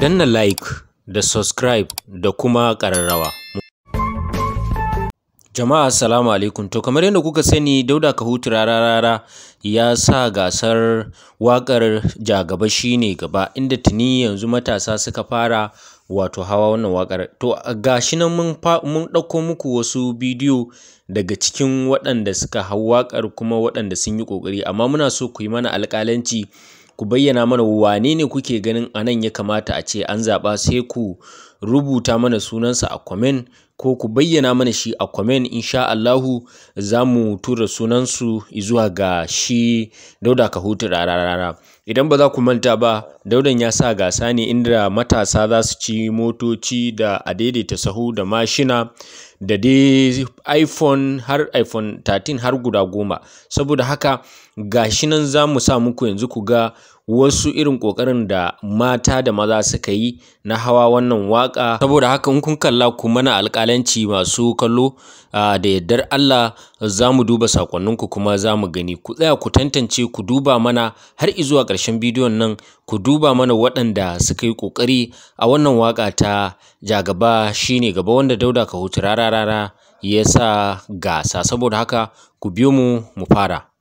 danna like da subscribe da kuma ƙararrawa. Jama'a assalamu alaikum to kamar yadda kuka sani Dauda Kahutu rararara ya sa gasar waƙar jagaba shine gaba inda tuni yanzu matasa suka fara wato hawa wannan waƙar to gashi nan mun mun ɗauko muku wasu bidiyo daga cikin waɗanda suka hau waƙar kuma waɗanda sun yi ƙoƙari amma muna so ku yi mana alƙalanci ku bayyana mana wane ne kuke ganin a nan ya kamata a ce an zaɓa sai ku rubuta mana sunansa a kwamen ko ku bayyana mana shi a comment insha Allahu za mu tura sunansu zuwa ga shi Dauda ka hutu rararara idan ba za ku manta ba Daudan ya sa gasa ne inda matasa za su ci motoci da adaidaita sahu da mashina da dai iPhone har iPhone 13 har guda goma saboda haka gashi nan za mu sa muku yanzu ku ga wasu irin ƙoƙarin da mata da maza suka yi na hawa wannan waƙa saboda haka in kun kalla ku mana alƙalanci masu kallo da yardar Allah za mu duba sakonninku kuma za mu gani ku tsaya ku tantance ku duba mana har izuwa ƙarshen bidiyon nan ku duba mana waɗanda suka yi ƙoƙari a wannan waƙa ta jagaba shine gaba wanda dauda ka hutu rara rara ya sa gasa saboda haka ku biyo mu mu fara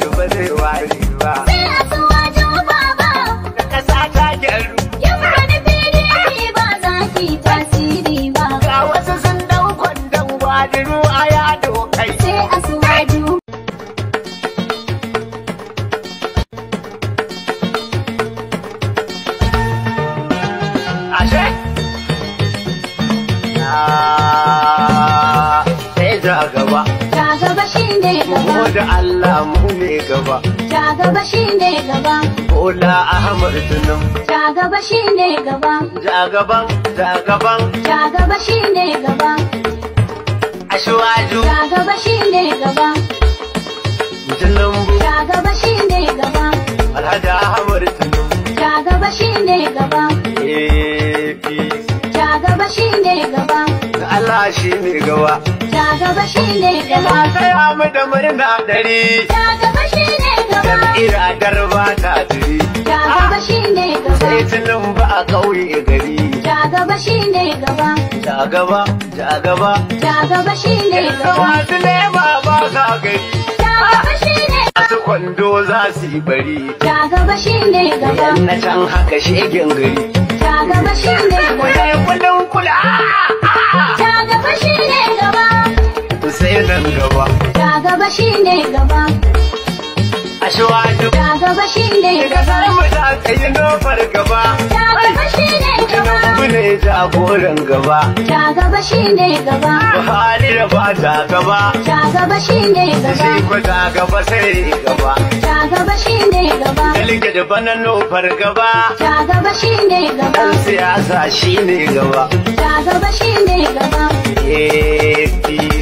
shi ba zai wari ba. Sai a suwa jaba ba. Da kasa ta gyaru. Yin wani fili ba za ki tasiri ba. Ga wasu sun ɗaukan kwandon gwadiru a ya dokai. Sai a suwa shi ne gaba. Mu da Allah mu ne gaba. Ja gaba shi ne gaba. Bola Ahmad Tunum. Ja gaba shi ne gaba. Ja gaban, ja gaban. Ja gaba shi ne gaba. Ashwaju. Ja gaba shi ne gaba. Tunumbu. Ja gaba shi ne gaba. Alhaji Ahmad Tunum. Ja gaba shi ne gaba. Eh, Ja gaba shi ne gaba. Allah shine gaba. gaba shine gaba kaya mu da murna dare ta gaba shine gaba ira darba ta jiri ta gaba shine gaba sai tunan ba a kauye gari ta gaba shine gaba ta gaba ta gaba ta gaba shine gaba dole ba ba ka gari ta gaba shine Masu kwando za su yi bari. Ta gaba shi ne gaba. Na can haka shegen gari. Ta gaba shi ne gaba. Kudai kudin kula. Ta gaba shi ne gaba. sai nan gaba. Da gaba shi ne gaba. A shuwaju. Da gaba shi ne gaba. Kasar mu ta yi nofar gaba. Da gaba shi ne gaba. Tinubu ne jagoran gaba. Da gaba shi ne gaba. Buhari da ba ta gaba. Da gaba shi ne gaba. Sai ku ta gaba sai gaba. Da gaba shi ne gaba. Dalike da bana nufar gaba. Da gaba shi ne gaba. Ɗan siyasa shi ne gaba. Da gaba shi ne gaba. Eh,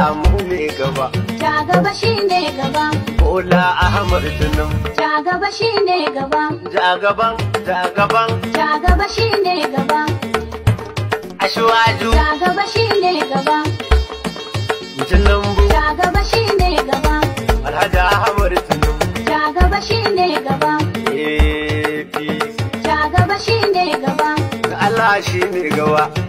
Allah mu ne gaba. Ja gaba shi ne gaba. Bola Ahmad Tunum. Ja gaba shi ne gaba. Ja gaban, ja gaban. Ja gaba shi ne gaba. Ashwaju. Ja gaba shi ne gaba. Tunumbu. Ja gaba shi ne gaba. Alhaji Ahmad Tunum. Ja gaba shi ne gaba. APC. Ja gaba shi ne gaba. Allah shi ne gaba.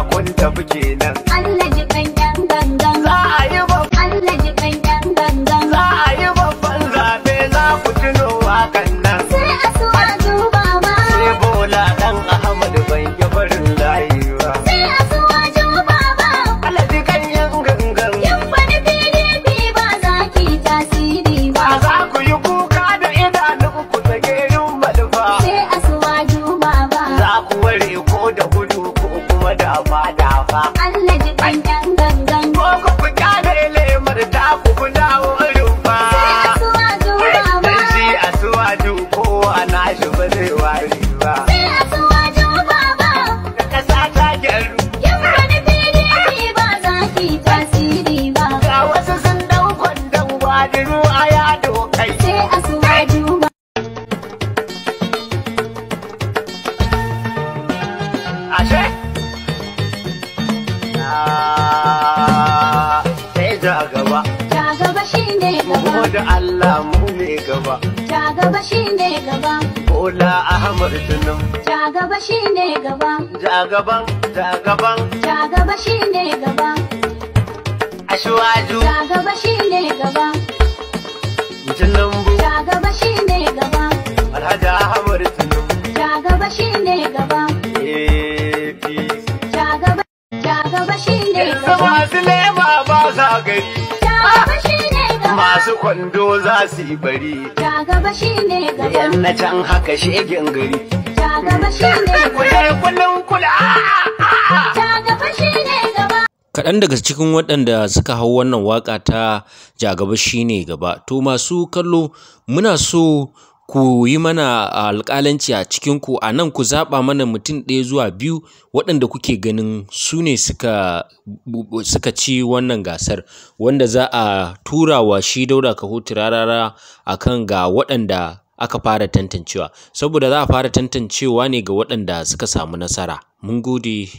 kwanta tafi nan. Allah ji na ji Ko ku ku kyale lemar da ku dawo sai ja gaba ja gaba shine gaba da Allah mu ne gaba ja gaba shine gaba Ola Ahmad Tunum ja gaba shine gaba ja gaban ja gaban ja gaba shine gaba Ashwaju ja gaba shine gaba Tunumbu Baba ne gaba. Masu lema ba sa gari. Gaba Masu kwando za su yi bari. Gaba shi ne gaba. Yan na can haka shegen gari. Gaba shi ne gaba. Kule kullum kula. Gaba shi ne gaba. Kaɗan daga cikin waɗanda suka hau wannan waƙa ta jagaba ne gaba, to masu kallo muna so ku yi mana alƙalanci a cikinku a nan ku zaɓa mana mutum ɗaya zuwa biyu waɗanda kuke ganin su ne suka, ci wannan gasar wanda za a tura wa shi daura kaho turarara a kan ga waɗanda aka fara tantancewa saboda za a fara tantancewa ne ga waɗanda suka samu nasara mun gode